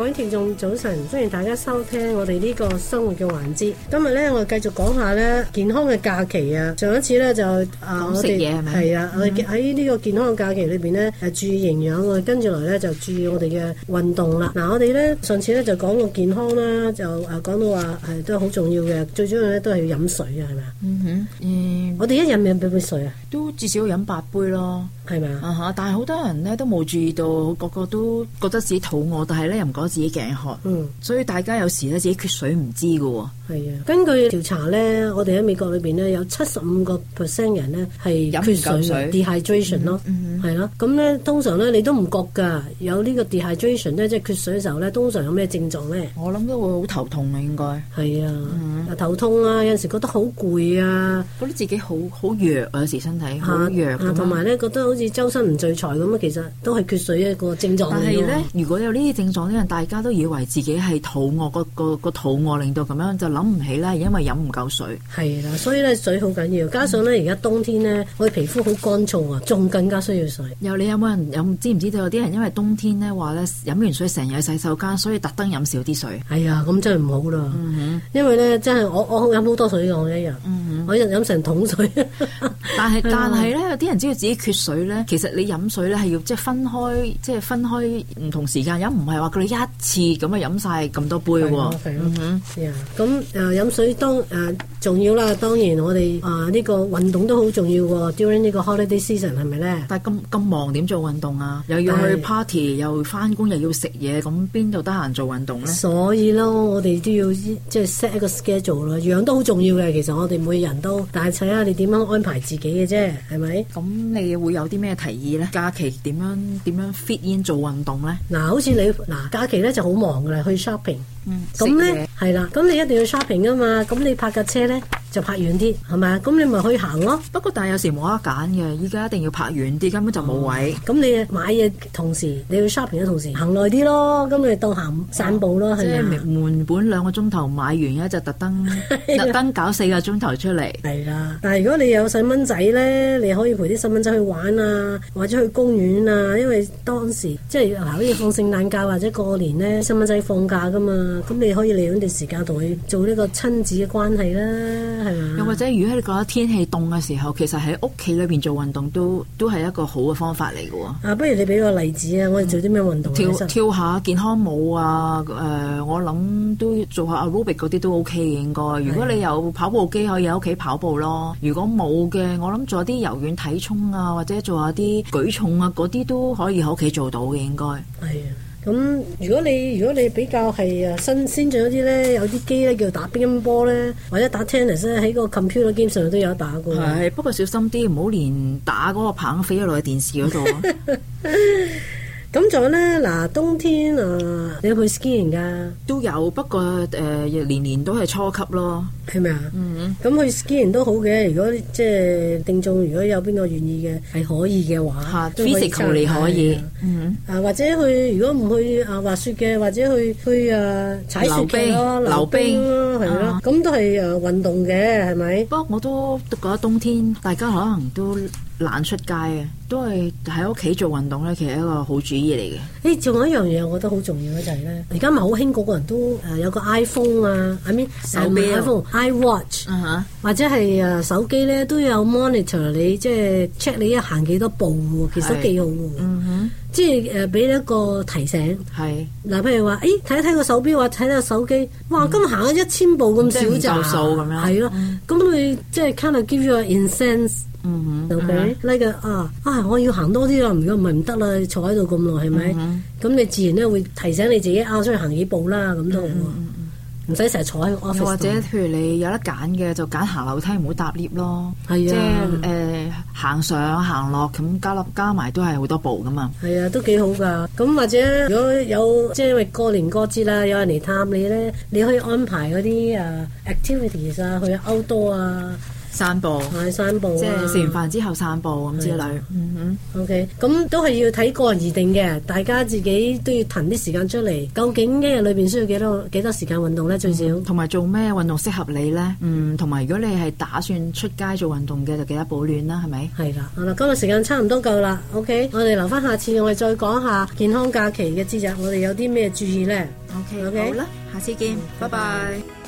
各位聽眾早晨，歡迎大家收聽我哋呢個生活嘅環節。今日咧，我哋繼續講下咧健康嘅假期啊。上一次咧就、嗯呃、食嘢係咪？係啊，嗯、我哋係啊，喺呢個健康嘅假期裏邊咧，誒注意營養，跟住嚟咧就注意我哋嘅運動啦。嗱、啊，我哋咧上次咧就講過健康啦，就誒講、啊、到話係、啊、都好重要嘅，最主要咧都係要飲水啊，係咪啊？嗯哼，嗯我哋一日咪飲杯水啊？都至少飲八杯咯，係咪啊？但係好多人咧都冇注意到，個個都覺得自己肚餓，但係咧唔講。自己頸渴，嗯，所以大家有時咧自己缺水唔知㗎喎，係啊。根據調查咧，我哋喺美國裏邊咧有七十五個 percent 人咧係飲唔夠水，dehydration 咯、嗯。嗯。係咯、啊，咁咧通常咧你都唔覺噶，有呢個 dehydration 咧即係缺水嘅時候咧，通常有咩症狀咧？我諗都會好頭痛啊，應該係啊，頭痛啊，有陣時覺得好攰啊，覺得自己好好弱啊，有時身體好、啊、弱啊，同埋咧覺得好似周身唔聚財咁啊，其實都係缺水的一個症狀、啊、但係咧，如果有呢啲症狀咧，大家都以為自己係肚餓，嗰個、嗰個肚餓令到咁樣，就諗唔起咧，因為飲唔夠水。係啦、啊，所以咧水好緊要，加上咧而家冬天咧，我哋皮膚好乾燥啊，仲更加需要。又你有冇人飲？知唔知道有啲人因為冬天咧話咧飲完水成日喺洗手間，所以特登飲少啲水。係、哎、啊，咁真係唔好啦、嗯。因為咧，真係我我飲好多水、嗯，我一日，我一日飲成桶水。 但係但係咧，有啲人知道自己缺水咧，其實你飲水咧係要即係分開，即係分開唔同時間飲，唔係話佢一次咁啊飲晒咁多杯喎、啊。咁誒、嗯 yeah. 呃、飲水都誒、呃、重要啦。當然我哋誒呢個運動都好重要喎、啊。During 呢個 holiday season 係咪咧？咁忙點做運動啊？又要去 party，又翻工，又要食嘢，咁邊度得閒做運動咧？所以咯，我哋都要即係 set 一個 schedule 咯，樣都好重要嘅。其實我哋每人都，但係，睇下你點樣安排自己嘅啫，係咪？咁你會有啲咩提議咧？假期點樣點樣 fit in 做運動咧？嗱、嗯，好似你嗱，假期咧就好忙噶啦，去 shopping，咁咧係啦，咁你一定要 shopping 啊嘛，咁你泊架車咧？就拍遠啲係咪？咁你咪可以行咯。不過但係有時冇得揀嘅，依家一定要拍遠啲，根本就冇位。咁、嗯、你買嘢同時，你去 shopping 嘅同時，行耐啲咯。咁你到下午散步咯係啊。門、嗯、本兩個鐘頭買完一就特登特登搞四個鐘頭出嚟。係啦，但係如果你有細蚊仔咧，你可以陪啲細蚊仔去玩啊，或者去公園啊。因為當時即係可以放聖誕假 或者過年咧，細蚊仔放假噶嘛，咁你可以利用段時間同佢做呢個親子嘅關係啦。又或者，如果你覺得天氣凍嘅時候，其實喺屋企裏邊做運動都都係一個好嘅方法嚟嘅。啊，不如你俾個例子，嗯、們啊，我哋做啲咩運動？跳跳下健康舞啊，誒、呃，我諗都做下 Aerobic 嗰啲都 OK 嘅應該。如果你有跑步機可以喺屋企跑步咯。如果冇嘅，我諗做啲柔軟體操啊，或者做下啲舉重啊，嗰啲都可以喺屋企做到嘅。應該係啊。咁如果你如果你比較係啊，新先進啲咧，有啲機咧叫做打乒乓波咧，或者打 tennis 咧，喺個 computer game 上都有打過。係，不過小心啲，唔好連打嗰個棒飛咗落去電視嗰度。 咁仲有咧，嗱冬天啊，你有去 skiing 噶？都有，不過誒、呃，年年都係初級咯，係咪啊？嗯，咁去 skiing 都好嘅，如果即係定中，如果有邊個願意嘅，係可以嘅話、啊、以，physical 你可以，嗯，mm-hmm. 啊或者去如果唔去啊滑雪嘅，或者去去啊，雪去去啊踩雪嘅溜冰，冰咯，係、啊、咯？咁都係啊運動嘅，係咪？不過，我都覺得冬天大家可能都，懶出街嘅，都係喺屋企做運動咧，其實一個好主意嚟嘅。誒、哎，仲有一樣嘢，我覺得好重要嘅就係咧，而家咪好興個個人都有個 iPhone 啊，I mean，手錶 iPhone iWatch、嗯、iWatch 或者係手機咧都有 monitor 你，即、就、係、是、check 你一行幾多步，其實都幾好嘅、嗯。即係誒俾一個提醒。係嗱，譬如話，誒睇一睇個手錶啊，睇下手機、嗯，哇，今日行咗一千步咁少咋？係咯，咁佢即係 kinda give you a incense。嗯，就佢呢個啊啊，我要行多啲咯，如果唔係唔得啦，你坐喺度咁耐係咪？咁、mm-hmm. 你自然咧會提醒你自己啊，出去行幾步啦，咁都唔使成日坐喺度。又或者，譬如你有得揀嘅，就揀行樓梯，唔好搭 lift 咯。係啊，即係誒，行上行落，咁加加埋都係好多步噶嘛。係啊，都幾好噶。咁或者如果有即係因為過年過節啦，有人嚟探你咧，你可以安排嗰啲誒 activities 啊，去 outdoor 啊。散步，係散步，啊，即係食完飯之後散步咁之類。嗯嗯，OK，咁都係要睇個人而定嘅，大家自己都要騰啲時間出嚟。究竟一日裏邊需要幾多幾多時間運動咧？最少同埋做咩運動適合你咧？嗯，同埋、嗯、如果你係打算出街做運動嘅，就記得保暖啦，係咪？係啦，好啦，今日時間差唔多夠啦。OK，我哋留翻下次我哋再講下健康假期嘅節日，我哋有啲咩注意咧 okay，？OK，好啦，下次見，拜、嗯、拜。Okay, bye bye bye bye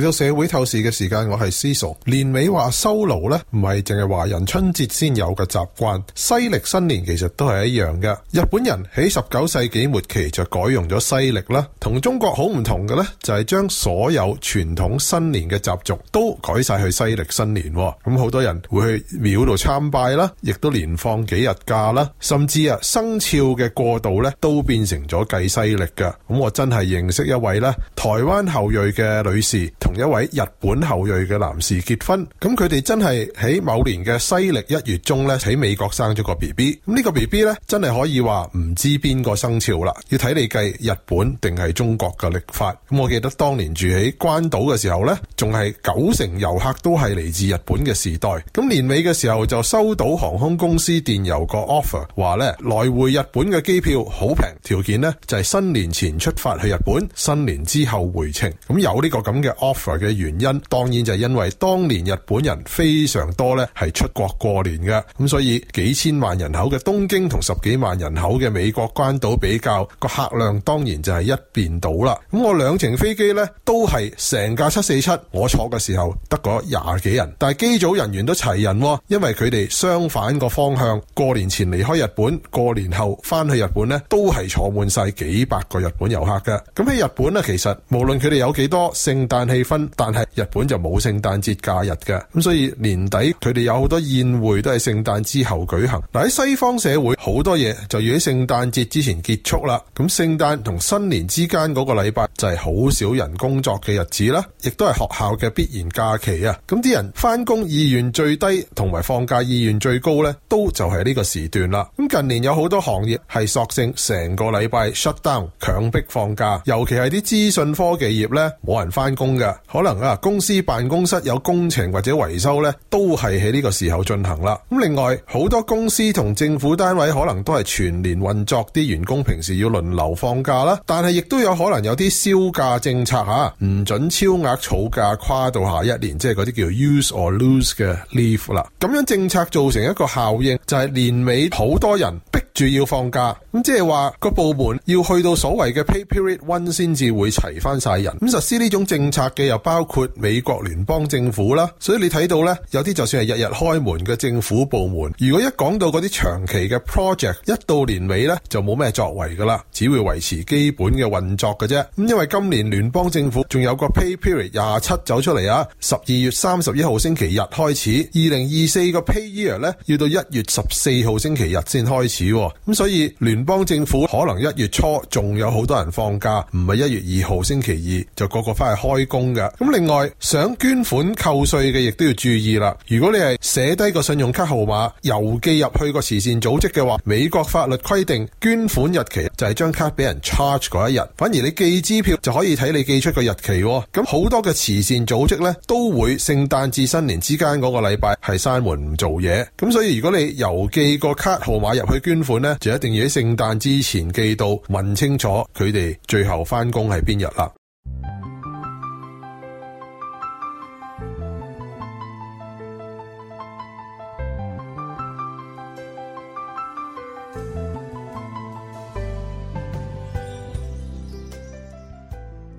嚟到社會透視嘅時間，我係思索。年尾話收爐咧，唔係淨係華人春節先有嘅習慣，西歷新年其實都係一樣嘅。日本人喺十九世紀末期就改用咗西歷啦，同中國好唔同嘅咧，就係將所有傳統新年嘅習俗都改晒去西歷新年。咁好多人會去廟度參拜啦，亦都連放幾日假啦，甚至啊生肖嘅過渡咧都變成咗計西歷嘅。咁我真係認識一位咧台灣後裔嘅女士。同一位日本後裔嘅男士結婚，咁佢哋真係喺某年嘅西曆一月中咧，喺美國生咗個 B B。咁呢個 B B 咧，真係可以話唔知邊個生肖啦，要睇你計日本定係中國嘅曆法。咁我記得當年住喺關島嘅時候咧，仲係九成遊客都係嚟自日本嘅時代。咁年尾嘅時候就收到航空公司電郵個 offer，話咧來回日本嘅機票好平，條件呢就係新年前出發去日本，新年之後回程。咁有呢個咁嘅嘅原因，當然就係因為當年日本人非常多咧，係出國過年嘅，咁所以幾千萬人口嘅東京同十幾萬人口嘅美國關島比較，個客量當然就係一邊倒啦。咁我兩程飛機呢都係成架七四七，我坐嘅時候得嗰廿幾人，但係機組人員都齊人喎，因為佢哋相反個方向，過年前離開日本，過年後翻去日本呢都係坐滿晒幾百個日本遊客噶。咁喺日本呢，其實無論佢哋有幾多聖誕氣分，但係日本就冇聖誕節假日嘅，咁所以年底佢哋有好多宴會都係聖誕之後舉行。嗱，喺西方社會好多嘢就要喺聖誕節之前結束啦。咁聖誕同新年之間嗰個禮拜就係好少人工作嘅日子啦，亦都係學校嘅必然假期啊。咁啲人翻工意願最低，同埋放假意願最高呢，都就係呢個時段啦。咁近年有好多行業係索性成個禮拜 shut down，強迫放假，尤其係啲資訊科技業呢，冇人翻工嘅。可能啊，公司辦公室有工程或者維修呢，都係喺呢個時候進行啦。咁另外，好多公司同政府單位可能都係全年運作，啲員工平時要輪流放假啦。但係亦都有可能有啲銷假政策吓，唔、啊、准超額儲假，跨到下一年，即係嗰啲叫 use or lose 嘅 leave 啦。咁樣政策造成一個效應，就係、是、年尾好多人逼住要放假。咁、嗯、即係話個部門要去到所謂嘅 pay period one 先至會齊翻晒人。咁實施呢種政策。嘅又包括美國聯邦政府啦，所以你睇到呢，有啲就算係日日開門嘅政府部門，如果一講到嗰啲長期嘅 project，一到年尾呢，就冇咩作為噶啦，只會維持基本嘅運作嘅啫。咁因為今年聯邦政府仲有個 pay period 廿七走出嚟啊，十二月三十一號星期日開始，二零二四個 pay year 呢，要到一月十四號星期日先開始啊。咁所以聯邦政府可能一月初仲有好多人放假，唔係一月二號星期二就個個翻去開工。咁另外想捐款扣稅嘅，亦都要注意啦。如果你係寫低個信用卡號碼，郵寄入去個慈善組織嘅話，美國法律規定捐款日期就係張卡俾人 charge 嗰一日。反而你寄支票就可以睇你寄出個日期。咁好多嘅慈善組織呢，都會聖誕至新年之間嗰個禮拜係閂門唔做嘢。咁所以如果你郵寄個卡號碼入去捐款呢，就一定要喺聖誕之前寄到，問清楚佢哋最後翻工係邊日啦。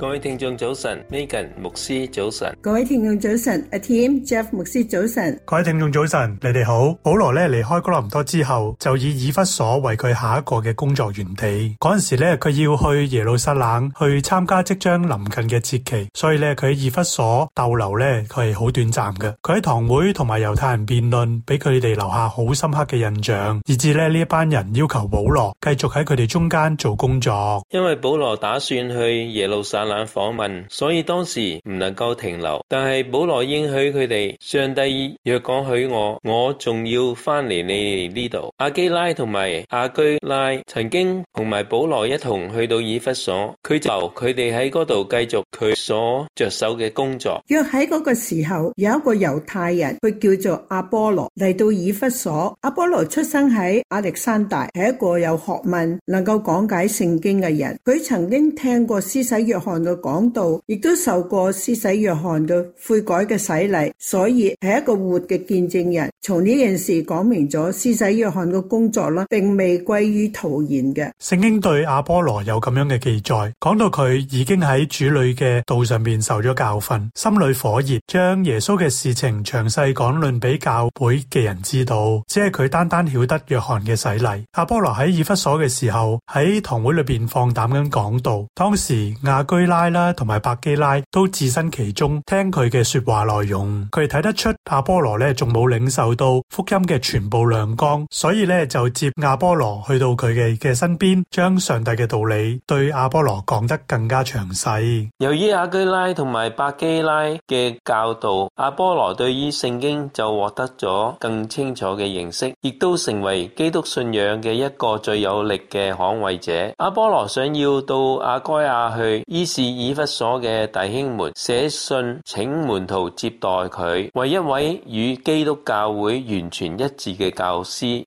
各位聽眾早晨，Megan 牧師早晨，各位聽眾早晨，阿 Tim Jeff 牧師早晨，各位聽眾早晨，你哋好。保羅咧離開哥林多之後，就以以弗所為佢下一個嘅工作園地。嗰陣時咧，佢要去耶路撒冷去參加即將臨近嘅節期，所以咧佢喺以弗所逗留咧佢係好短暫嘅。佢喺堂會同埋猶太人辯論，俾佢哋留下好深刻嘅印象，以致咧呢一班人要求保羅繼續喺佢哋中間做工作，因為保羅打算去耶路撒。冷 訪問，所以當時唔能夠停留，但係保羅應許佢哋，上帝若講許我，我仲要返嚟你哋呢度。阿基拉同埋阿居拉曾經同埋保羅一同去到以弗所，佢就由佢哋喺嗰度繼續佢所着手嘅工作。若喺嗰個時候，有一個猶太人，佢叫做阿波羅，嚟到以弗所。阿波羅出生喺亞歷山大，係一個有學問、能夠講解聖經嘅人，佢曾經聽過施洗約翰嘅講道，亦都受過施洗約翰嘅悔改嘅洗禮，所以係一個活嘅見證人。從呢件事講明咗施洗約翰嘅工作啦，並未歸於徒然嘅。聖經對阿波羅有咁樣嘅記載，講到佢已經喺主裏嘅道上面受咗教訓，心裏火熱，將耶穌嘅事情詳細講論俾教會嘅人知道。只係佢單單曉得約翰嘅洗禮。阿波羅喺以弗所嘅時候，喺堂會裏邊放膽咁講道，當時亞居，拉啦，同埋百基拉都置身其中，聽佢嘅說話內容。佢睇得出亞波羅咧仲冇領受到福音嘅全部亮光，所以咧就接亞波羅去到佢嘅嘅身邊，將上帝嘅道理對亞波羅講得更加詳細。由於阿基拉同埋百基拉嘅教導，亞波羅對於聖經就獲得咗更清楚嘅認識，亦都成為基督信仰嘅一個最有力嘅捍衛者。亞波羅想要到阿蓋亞去是以弗所的弟兄們寫信請門徒接待佢，為一位與基督教會完全一致的教師。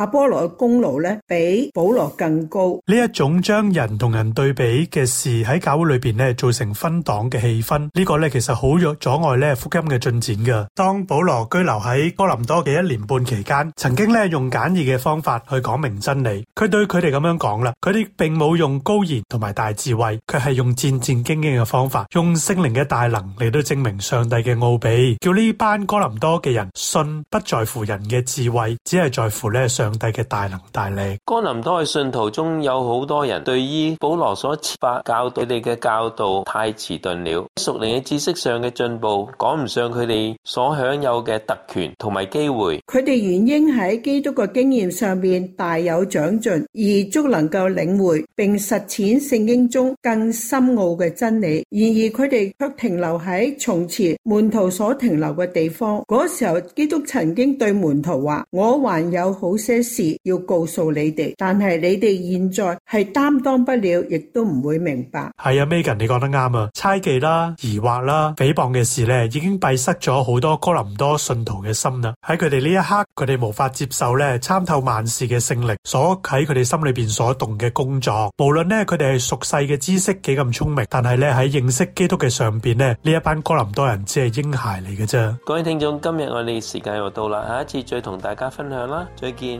阿波羅嘅功勞咧，比保羅更高。呢一種將人同人對比嘅事喺教會裏邊咧，造成分黨嘅氣氛。呢個咧其實好阻阻礙咧福音嘅進展噶。當保羅居留喺哥林多嘅一年半期間，曾經咧用簡易嘅方法去講明真理。佢對佢哋咁樣講啦，佢哋並冇用高言同埋大智慧，佢係用戰戰兢兢嘅方法，用聖靈嘅大能嚟到證明上帝嘅奧秘，叫呢班哥林多嘅人信不在乎人嘅智慧，只係在乎咧上。大嘅大能大利，哥林多嘅信徒中有好多人，對於保羅所發教佢哋嘅教導太遲鈍了，屬靈嘅知識上嘅進步趕唔上佢哋所享有嘅特權同埋機會。佢哋原應喺基督嘅經驗上面大有長進，而足能夠領會並實踐聖經中更深奧嘅真理。然而佢哋卻停留喺從前門徒所停留嘅地方。嗰時候基督曾經對門徒話：我還有好。些事要告訴你哋，但係你哋現在係擔當不了，亦都唔會明白。係啊，Megan，你講得啱啊，猜忌啦，疑惑啦，誹謗嘅事咧，已經閉塞咗好多哥林多信徒嘅心啦。喺佢哋呢一刻，佢哋無法接受咧參透萬事嘅聖靈所喺佢哋心裏邊所動嘅工作。無論咧佢哋係俗世嘅知識幾咁聰明，但係咧喺認識基督嘅上邊咧，呢一班哥林多人只係嬰孩嚟嘅啫。各位聽眾，今日我哋嘅時間又到啦，下一次再同大家分享啦，再見。